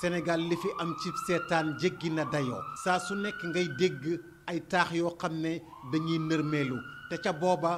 Sénégal li fi am ci seetaan jéggi na dayoo saa su nekk ngay dégg ay taax yoo xam ne dañuy nërmeelu te ca booba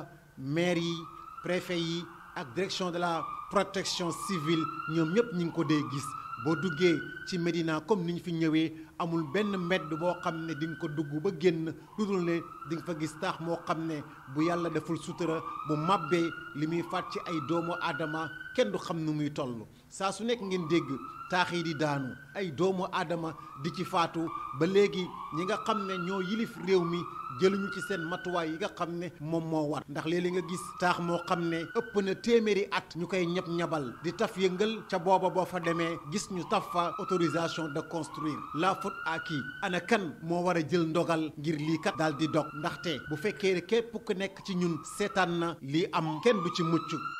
maire yi préfet yi ak direction de la protection civile ñoom ñëpp ñu ngi ko dee gis boo duggee ci Medina comme ni ñu fi ñëwee amul benn mbedd boo xam ne dinga ko dugg ba génn lu dul ne di nga fa gis taax moo xam ne bu yàlla deful sutura bu màbbee li muy fàtt ci ay doomu aadama kenn du xam nu muy toll saa su nekk ngeen dégg taax yi di daanu ay doomu aadama di ci faatu ba léegi ñi nga xam ne ñoo yilif réew mi jëluñu ci seen matuwaay yi nga xam ne moom moo war ndax léeg li nga gis taax moo xam ne ëpp na téeméeri at ñu koy ñëpp ñabal di taf yëngal ca booba boo fa demee gis ñu taf fa autorisation de construire la faute à kii ana kan moo war a jël ndogal ngir lii kat daal di dog ndaxte bu fekkee képp ku nekk ci ñun seetaan na lii am kenn bu ci mucc